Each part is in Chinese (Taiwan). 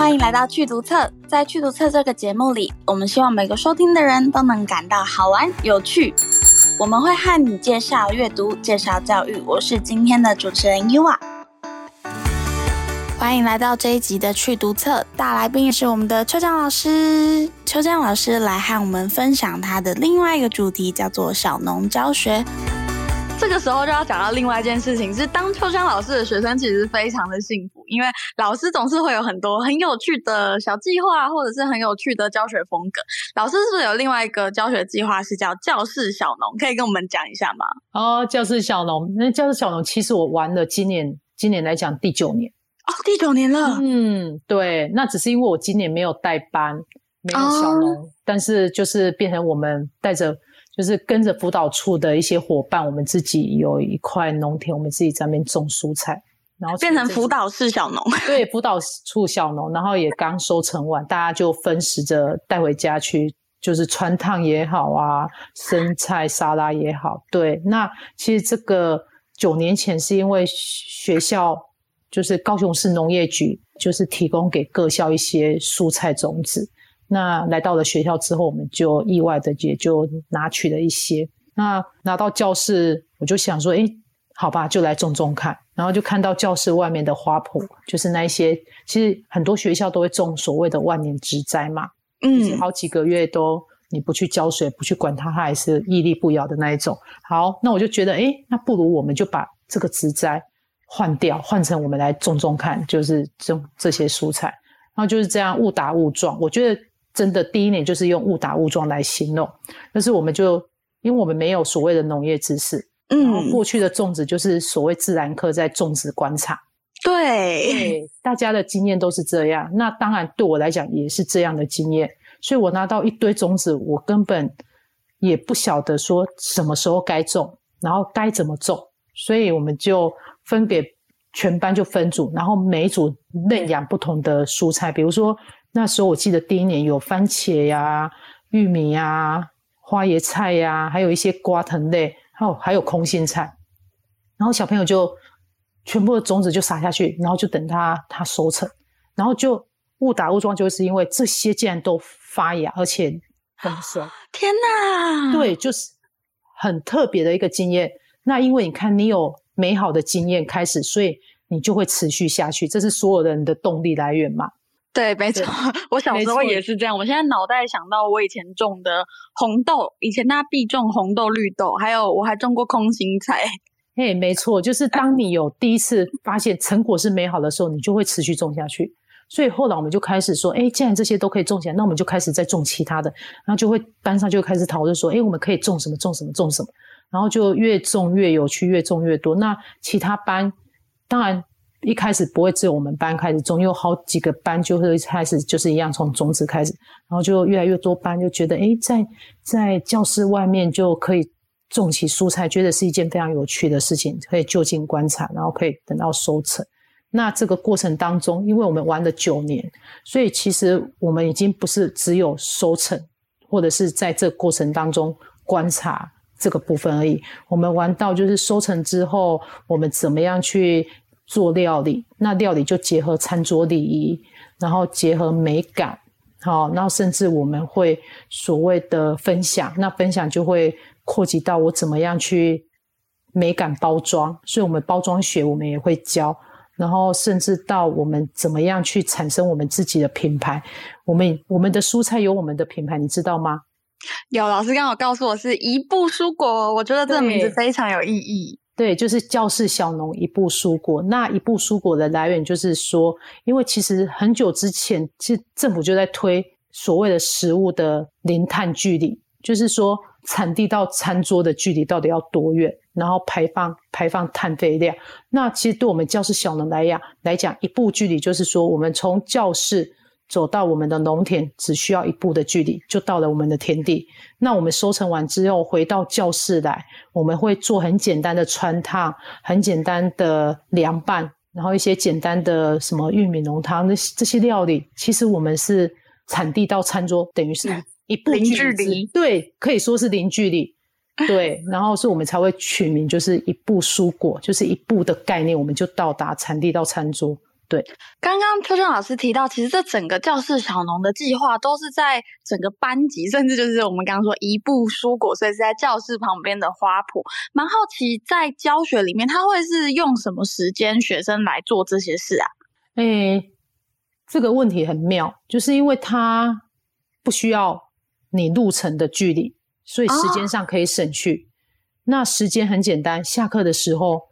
歡迎來到去讀冊，在去讀冊這個節目裡，我們希望每個收聽的人都能感到好玩有趣。我們會和你介紹閱讀，介紹教育。我是今天的主持人 u a 歡迎來到這一集的去讀冊，大來賓是我們的邱江老師。邱江老師來和我們分享他的另外一個主題，叫做小農教學。這個時候就要講到另外一件事情，是當秋江老師的學生其實非常的幸福，因為老師總是會有很多很有趣的小計劃，或者是很有趣的教學風格。老師是不是有另外一個教學計劃是叫“教室小農”？可以跟我們講一下嗎？哦，教室小農，那教室小農其實我玩了今年，今年來講第九年哦，第九年了。嗯，對，那只是因為我今年沒有帶班，沒有小農，哦、但是就是變成我們帶着。就是跟着輔導處的一些夥伴，我們自己有一塊農田，我們自己在那邊種蔬菜，然後變成輔導室小農。對，輔導處小農，然後也剛收成完，大家就分食着帶回家去，就是汆燙也好啊，生菜沙拉也好。對，那其實這個九年前是因為學校，就是高雄市農業局，就是提供給各校一些蔬菜種子。那來到了學校之後，我們就意外的也就拿取了一些。那拿到教室，我就想說，哎，好吧，就來種種看。然後就看到教室外面的花圃，就是那一些，其實很多學校都會種所謂的萬年植栽嘛，嗯，就是、好幾個月都你不去澆水，不去管它，它還是屹立不搖的那一種。好，那我就覺得，哎，那不如我們就把這個植栽換掉，換成我們來種種看，就是這種這些蔬菜。然後就是這樣誤打誤撞，我覺得。真的第一年就是用誤打誤撞來形容，但是我們就因為我們沒有所謂的農業知識，嗯，過去的種子就是所謂自然科，在種植觀察，對、哎、大家的經驗都是這樣。那當然對我來講也是這樣的經驗，所以我拿到一堆種子，我根本也不曉得說什麼時候該種，然後該怎麼種，所以我們就分給全班就分組，然後每一組認養不同的蔬菜，比如說。那時候我記得第一年有番茄呀、啊、玉米呀、啊、花椰菜呀、啊，還有一些瓜藤類，還有還有空心菜。然後小朋友就全部的種子就撒下去，然後就等它它收成。然後就誤打誤撞，就是因為這些竟然都發芽，而且豐收。天吶，對，就是很特別的一個經驗。那因為你看你有美好的經驗開始，所以你就會持續下去。這是所有人的動力來源嘛。對，沒錯，我小時候也是這樣。我現在腦袋想到我以前種的紅豆，以前大家必種紅豆、綠豆，還有我還種過空心菜。嘿，沒錯，就是當你有第一次發現成果是美好的時候， 你就會持續種下去。所以後來我們就開始說，哎，既然這些都可以種起來，那我們就開始再種其他的。然後就會班上就開始討論說，哎，我們可以種什麼？種什麼？種什麼？然後就越種越有趣，越種越多。那其他班，當然。一開始不會只有我們班開始種，有好幾個班就會開始就是一樣從種子開始，然後就越來越多班就覺得，誒，在在教室外面就可以種起蔬菜，覺得是一件非常有趣的事情，可以就近觀察，然後可以等到收成。那這個過程當中，因為我們玩了九年，所以其實我們已經不是只有收成，或者是在這個過程當中觀察這個部分而已。我們玩到就是收成之後，我們怎麼樣去？做料理，那料理就結合餐桌禮儀，然後結合美感，好、哦，然後甚至我們會所謂的分享，那分享就會擴及到我怎麼樣去美感包裝，所以我們包裝學，我們也會教，然後甚至到我們怎麼樣去產生我們自己的品牌，我們我們的蔬菜有我們的品牌，你知道嗎？有老師剛好告訴我是一步蔬果，我覺得這個名字非常有意義。對，就是教室小農一步蔬果，那一步蔬果的來源就是說，因為其實很久之前，其實政府就在推所謂的食物的零碳距離，就是說產地到餐桌的距離到底要多遠，然後排放排放碳廢量。那其實對我們教室小農來講來講，一步距離就是說，我們從教室。走到我們的農田，只需要一步的距離，就到了我們的田地。那我們收成完之後，回到教室來，我們會做很簡單的汆燙、很簡單的涼拌，然後一些簡單的什麼玉米濃湯，這些這些料理，其實我們是產地到餐桌，等於是一步距離。對，可以說是零距離。對， 然後是我們才會取名，就是一步蔬果，就是一步的概念，我們就到達產地到餐桌。對，剛剛秋江老師提到，其實這整個教室小農的計劃都是在整個班級，甚至就是我們剛剛說一步蔬果，所以是在教室旁邊的花圃。蠻好奇，在教學裡面，他會是用什麼時間學生來做這些事啊？誒、欸，這個問題很妙，就是因為它不需要你路程的距離，所以時間上可以省去。哦、那時間很簡單，下課的時候，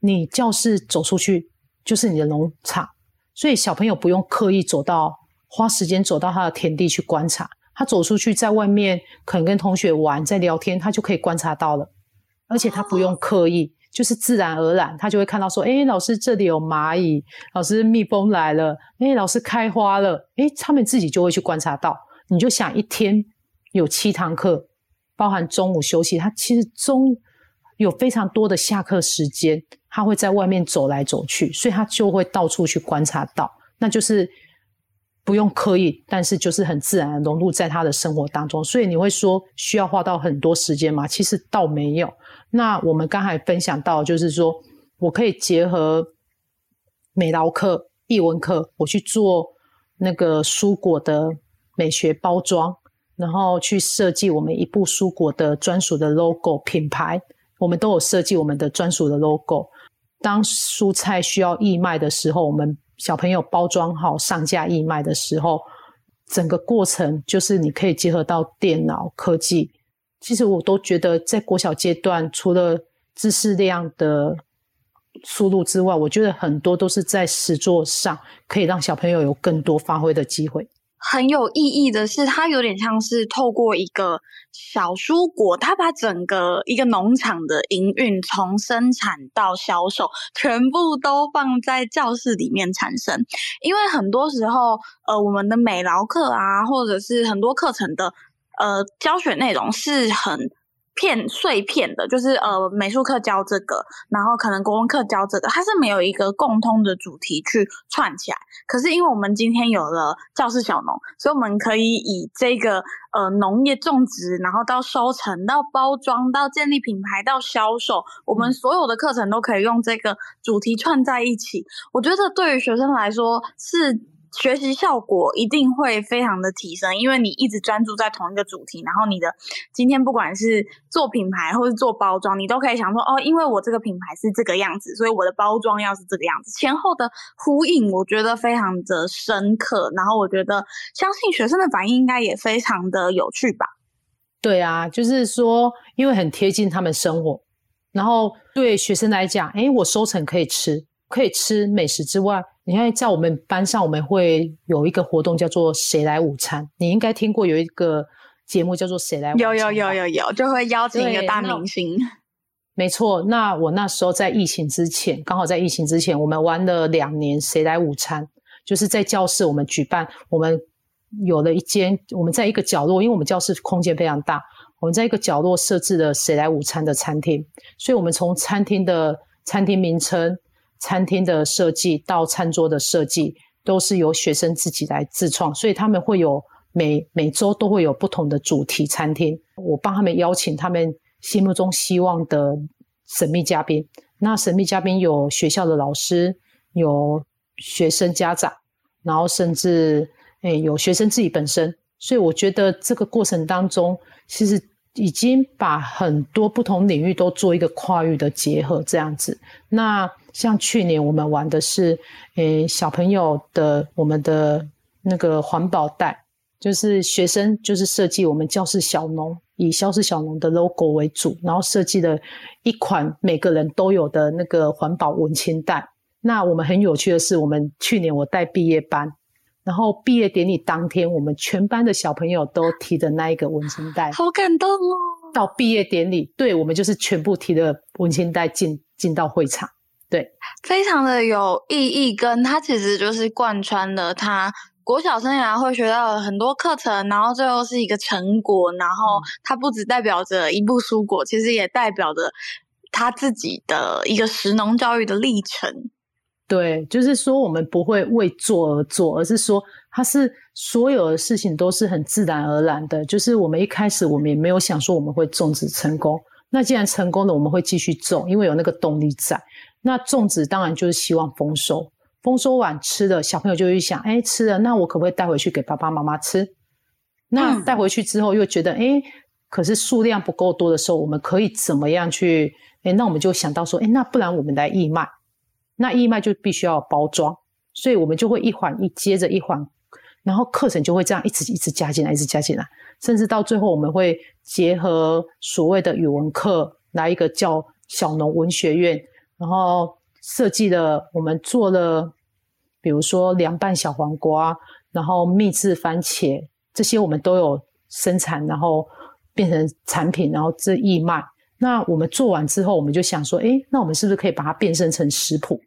你教室走出去。就是你的農場，所以小朋友不用刻意走到，花時間走到他的田地去觀察。他走出去，在外面可能跟同學玩，在聊天，他就可以觀察到了。而且他不用刻意，oh. 就是自然而然，他就會看到說：“哎、欸，老師這裡有螞蟻，老師蜜蜂來了，哎、欸，老師開花了。欸”哎，他們自己就會去觀察到。你就想一天有七堂課，包含中午休息，他其實中有非常多的下課時間。他會在外面走來走去，所以他就會到處去觀察到，那就是不用刻意，但是就是很自然地融入在他的生活當中。所以你會說需要花到很多時間嗎？其實倒沒有。那我們剛才分享到，就是說我可以結合美勞課、藝文課，我去做那個蔬果的美學包裝，然後去設計我們一步蔬果的專屬的 logo 品牌。我們都有設計我們的專屬的 logo。當蔬菜需要義賣的時候，我們小朋友包裝好上架義賣的時候，整個過程就是你可以結合到電腦科技。其實我都覺得，在國小階段，除了知識量的輸入之外，我覺得很多都是在實作上可以讓小朋友有更多發揮的機會。很有意義的是，它有點像是透過一個小蔬果，它把整個一個農場的營運，從生產到銷售，全部都放在教室裡面產生。因為很多時候，呃，我們的美勞課啊，或者是很多課程的，呃，教學內容是很。片碎片的，就是呃美術課教這個，然後可能國文課教這個，它是沒有一個共通的主題去串起來。可是因為我們今天有了教室小農，所以我們可以以這個呃農業種植，然後到收成，到包裝，到建立品牌，到銷售，我們所有的課程都可以用這個主題串在一起。我覺得這對於學生來說是。學習效果一定會非常的提升，因為你一直專注在同一個主題，然後你的今天不管是做品牌或是做包裝，你都可以想說哦，因為我這個品牌是這個樣子，所以我的包裝要是這個樣子，前後的呼應，我覺得非常的深刻。然後我覺得，相信學生的反應應該也非常的有趣吧？對啊，就是說，因為很貼近他們生活，然後對學生來講，誒，我收成可以吃，可以吃美食之外。你看，在我們班上，我們會有一個活動叫做“誰來午餐”。你應該聽過有一個節目叫做“誰來午餐”。有有有有有，就會邀請一個大明星。沒錯，那我那時候在疫情之前，剛好在疫情之前，我們玩了兩年“誰來午餐”，就是在教室我們舉辦，我們有了一間，我們在一個角落，因為我們教室空間非常大，我們在一個角落設置了“誰來午餐”的餐廳，所以我們從餐廳的餐廳名稱，餐廳的設計到餐桌的設計都是由學生自己來自創，所以他們會有每每週都會有不同的主題餐廳。我幫他們邀請他們心目中希望的神秘嘉賓。那神秘嘉賓有學校的老師，有學生家長，然後甚至，誒、哎，有學生自己本身。所以我覺得這個過程當中，其實已經把很多不同領域都做一個跨域的結合，這樣子。那像去年我們玩的是，誒小朋友的我們的那個環保袋，就是學生就是設計我們教室小農，以教室小農的 logo 為主，然後設計了一款每個人都有的那個環保文青袋。那我們很有趣的是，我們去年我帶畢業班，然後畢業典禮當天，我們全班的小朋友都提着那一個文青袋，啊，好感動哦。到畢業典禮，對我們就是全部提的文青袋進進到會場。對，非常的有意義。跟他其實就是貫穿了他國小生涯會學到很多課程，然後最後是一個成果。然後它不只代表着一步蔬果，其實也代表着他自己的一個食農教育的歷程。對，就是說我們不會為做而做，而是說它是所有的事情都是很自然而然的。就是我們一開始我們也沒有想說我們會種植成功，那既然成功了，我們會繼續種，因為有那個動力在。那粽子當然就是希望豐收，豐收完吃的，小朋友就會想：哎，吃了那我可不可以帶回去給爸爸媽媽吃？那帶回去之後又覺得：哎，可是數量不夠多的時候，我們可以怎麼樣去？誒、哎、那我們就想到說：哎，那不然我們來義賣。那義賣就必須要有包裝，所以我們就會一環一接着一環，然後課程就會這樣一直一直加進來，一直加進來，甚至到最後我們會結合所謂的語文課來一個叫小農文學院。然後設計了，我們做了，比如說涼拌小黃瓜，然後蜜汁番茄，這些我們都有生產，然後變成產品，然後這義賣。那我們做完之後，我們就想說，哎，那我們是不是可以把它變身成食譜？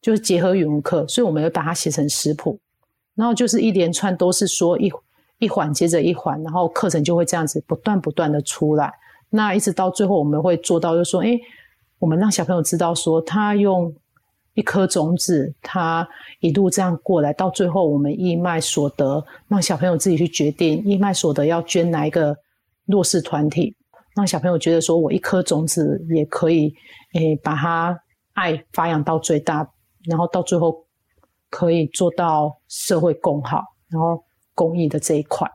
就是結合語文課，所以我們會把它寫成食譜，然後就是一連串都是說一，一環接着一環，然後課程就會這樣子不斷不斷的出來。那一直到最後，我們會做到就是說，哎。我們讓小朋友知道，說他用一顆種子，他一路這樣過來，到最後我們義賣所得，讓小朋友自己去決定義賣所得要捐哪一個弱勢團體，讓小朋友覺得說，我一顆種子也可以，誒、欸，把它愛發揚到最大，然後到最後可以做到社會共好，然後公益的這一塊。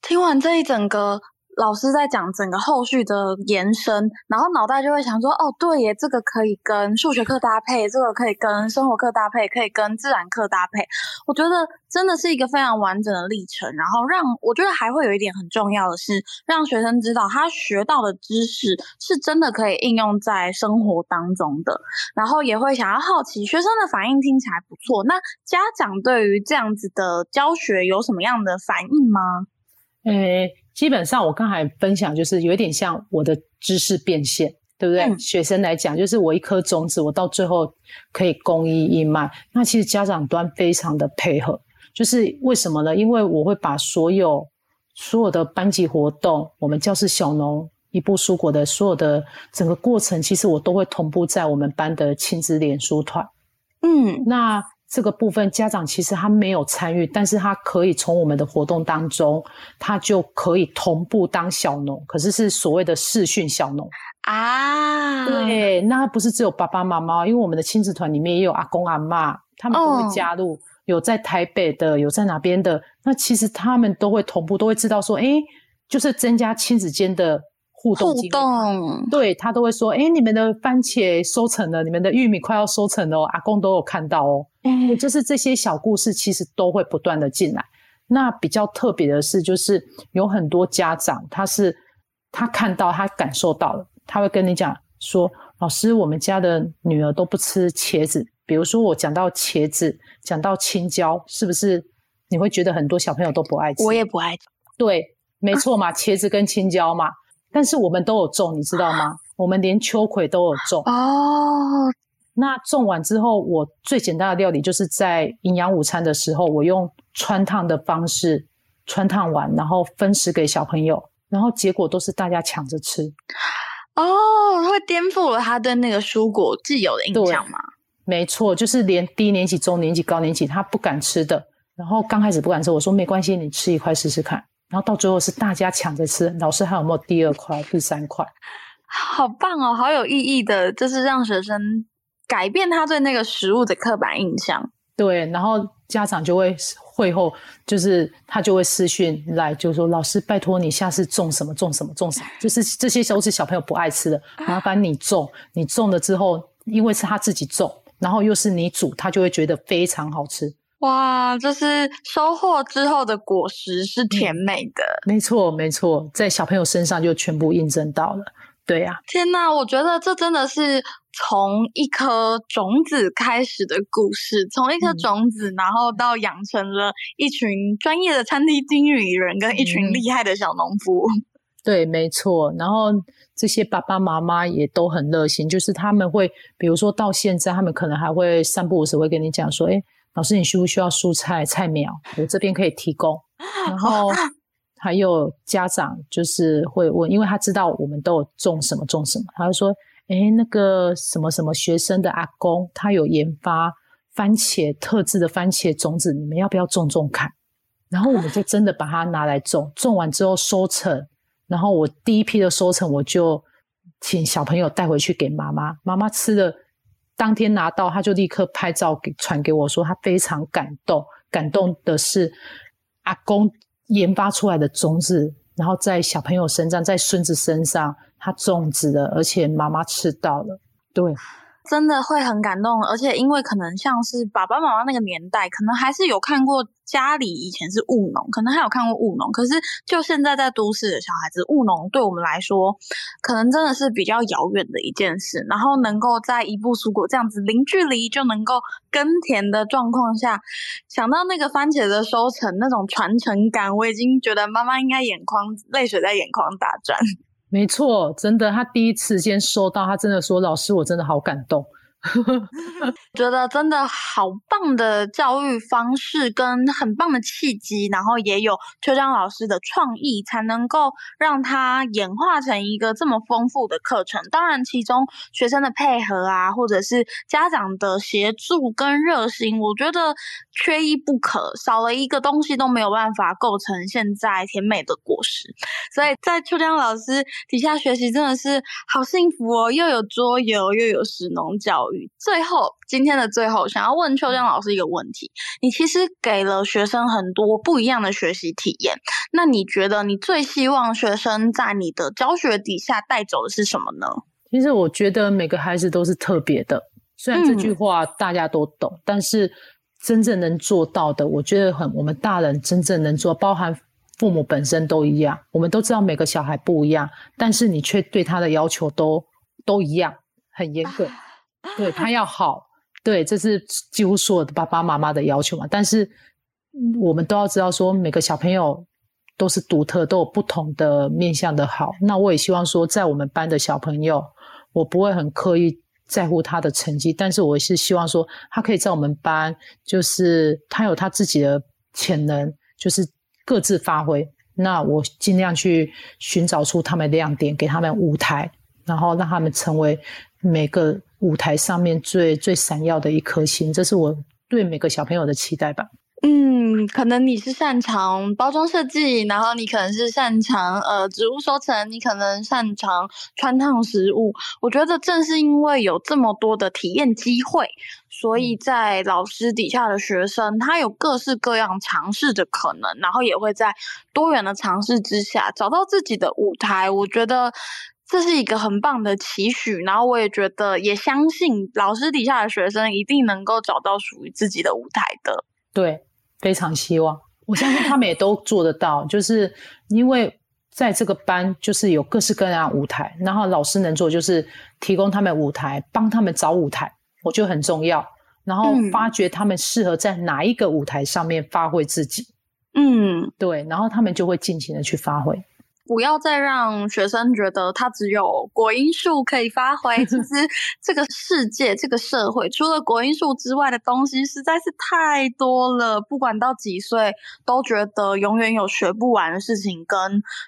聽完這一整個，老師在講整個後續的延伸，然後腦袋就會想說：哦，對耶，這個可以跟數學課搭配，這個可以跟生活課搭配，可以跟自然課搭配。我覺得真的是一個非常完整的歷程，然後讓，我覺得還會有一點很重要的是，讓學生知道他學到的知識是真的可以應用在生活當中的，然後也會想要好奇，學生的反應聽起來不錯。那家長對於這樣子的教學有什麼樣的反應嗎？誒，基本上我剛才分享，就是有點像我的知識變現，對不對？嗯、學生來講，就是我一顆種子，我到最後可以公益義賣。那其實家長端非常的配合，就是為什麼呢？因為我會把所有所有的班級活動，我們教室小農一步蔬果的所有的整個過程，其實我都會同步在我們班的親子臉書團。嗯，那。這個部分家長其實他沒有參與，但是他可以從我們的活動當中，他就可以同步當小農，可是是所謂的視訊小農啊。對，那他不是只有爸爸媽媽，因為我們的親子團裡面也有阿公阿嬤，他們都會加入、哦，有在台北的，有在哪邊的，那其實他們都會同步，都會知道說，哎，就是增加親子間的。互動,互動，對，他都會說：“哎、欸，你們的番茄收成了，你們的玉米快要收成了哦，阿公都有看到哦。”嗯，就是這些小故事，其實都會不斷的進來。那比較特別的是，就是有很多家長，他是，他看到，他感受到了，他會跟你講說：“老師，我們家的女兒都不吃茄子。”比如說我講到茄子，講到青椒，是不是你會覺得很多小朋友都不愛吃？我也不愛吃。對，沒錯嘛，啊，茄子跟青椒嘛。但是我們都有種，你知道嗎？啊、我們連秋葵都有種哦。那種完之後，我最簡單的料理就是在營養午餐的時候，我用汆燙的方式汆燙完，然後分食給小朋友，然後結果都是大家搶着吃。哦，會顛覆了他對那個蔬果自有的印象嗎？沒錯，就是連低年級、中年級、高年級他不敢吃的，然後剛開始不敢吃，我說沒關係，你吃一塊試試看。然後到最後是大家搶着吃，老師還有沒有第二塊、第三塊？好棒哦，好有意義的，就是讓學生改變他對那個食物的刻板印象。對，然後家長就會會後就是他就會私訊來，就是說老師拜託你下次種什麼種什麼種什麼，就是這些都是小朋友不愛吃的， 麻煩你種。你種了之後，因為是他自己種，然後又是你煮，他就會覺得非常好吃。哇，就是收穫之後的果實是甜美的、嗯，沒錯，沒錯，在小朋友身上就全部印證到了。嗯、對呀、啊，天吶，我覺得這真的是從一顆種子開始的故事，從一顆種子，嗯、然後到養成了一群專業的餐廳經理人、嗯，跟一群厲害的小農夫。對，沒錯。然後這些爸爸媽媽也都很熱心，就是他們會，比如說到現在，他們可能還會散步時會跟你講說：“哎。”老師，你需不需要蔬菜菜苗？我這邊可以提供。然後還有家長就是會問，因為他知道我們都有種什麼種什麼，他就說：“哎、欸，那個什麼什麼學生的阿公，他有研發番茄特製的番茄種子，你們要不要種種看？”然後我們就真的把它拿來種種完之後收成，然後我第一批的收成我就請小朋友帶回去給媽媽，媽媽吃了。當天拿到，他就立刻拍照給傳給我說，說他非常感動，感動的是阿公研發出來的種子，然後在小朋友身上，在孫子身上，他種植了，而且媽媽吃到了，對。真的會很感動，而且因為可能像是爸爸媽媽那個年代，可能還是有看過家裡以前是務農，可能還有看過務農。可是就現在在都市的小孩子，務農對我們來說，可能真的是比較遙遠的一件事。然後能夠在一步蔬果這樣子零距離就能夠耕田的狀況下，想到那個番茄的收成那種傳承感，我已經覺得媽媽應該眼眶淚水在眼眶打轉。沒錯，真的，他第一時間收到，他真的說：“老師，我真的好感動。” 覺得真的好棒的教育方式跟很棒的契機，然後也有秋江老師的創意，才能夠讓它演化成一個這麼豐富的課程。當然，其中學生的配合啊，或者是家長的協助跟熱心，我覺得缺一不可，少了一個東西都沒有辦法構成現在甜美的果實。所以在秋江老師底下學習，真的是好幸福哦！又有桌遊，又有食農教。最後，今天的最後，想要問秋江老師一個問題：你其實給了學生很多不一樣的學習體驗，那你覺得你最希望學生在你的教學底下帶走的是什麼呢？其實我覺得每個孩子都是特別的，雖然這句話大家都懂，嗯。但是真正能做到的，我覺得很，我們大人真正能做，包含父母本身都一樣。我們都知道每個小孩不一樣，但是你卻對他的要求都都一樣，很嚴格。對他要好，對，這是幾乎所有的爸爸媽媽的要求嘛。但是我們都要知道，說每個小朋友都是獨特，都有不同的面向的好。那我也希望說，在我們班的小朋友，我不會很刻意在乎他的成績，但是我是希望說，他可以在我們班，就是他有他自己的潛能，就是各自發揮。那我盡量去尋找出他們的亮點，給他們舞台，然後讓他們成為。每個舞台上面最最閃耀的一顆星，這是我對每個小朋友的期待吧。嗯，可能你是擅長包裝設計，然後你可能是擅長呃植物收成，你可能擅長汆燙食物。我覺得正是因為有這麼多的體驗機會，所以在老師底下的學生，他有各式各樣嘗試的可能，然後也會在多元的嘗試之下找到自己的舞台。我覺得。這是一個很棒的期許，然後我也覺得，也相信老師底下的學生一定能夠找到屬於自己的舞台的。對，非常希望，我相信他們也都做得到。 就是因為在這個班，就是有各式各樣的舞台，然後老師能做就是提供他們舞台，幫他們找舞台，我覺得很重要。然後發掘他們適合在哪一個舞台上面發揮自己。嗯，對，然後他們就會盡情的去發揮。不要再讓學生覺得他只有國英數可以發揮。其實這個世界、 這個社會，除了國英數之外的東西實在是太多了。不管到幾歲，都覺得永遠有學不完的事情跟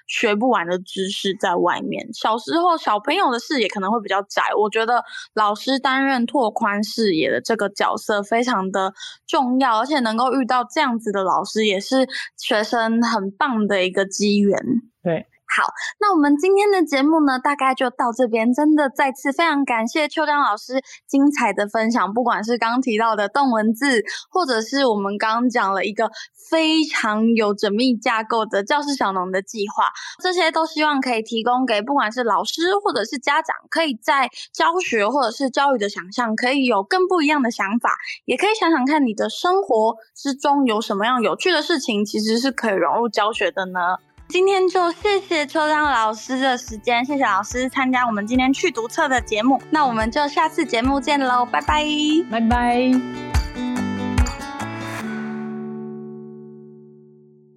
學不完的知識在外面。小時候小朋友的視野可能會比較窄，我覺得老師擔任拓寬視野的這個角色非常的重要，而且能夠遇到這樣子的老師，也是學生很棒的一個機緣。對。好，那我們今天的節目呢，大概就到這邊。真的，再次非常感謝秋江老師精彩的分享。不管是剛提到的動文字，或者是我們剛剛講了一個非常有縝密架構的教室小農的計劃，這些都希望可以提供給不管是老師或者是家長，可以在教學或者是教育的想象，可以有更不一樣的想法。也可以想想看，你的生活之中有什麼樣有趣的事情，其實是可以融入教學的呢？今天就謝謝秋江老師的時間，謝謝老師參加我們今天趣讀冊的節目，那我們就下次節目見嘍，拜拜，拜拜。